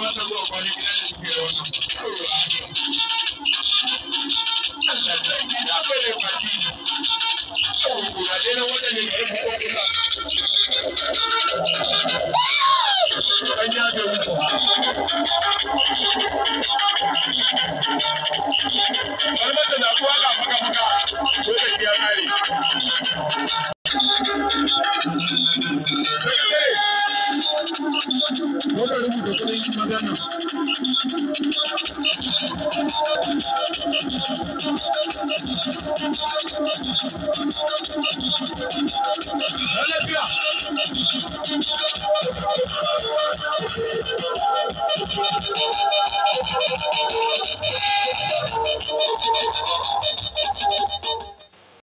ba sa zuwa kwana da suke da Allah sai gida bare fadi. Yau, ga na waɗanda da Muka rubuta kudin magana. Lafiya. Thank you.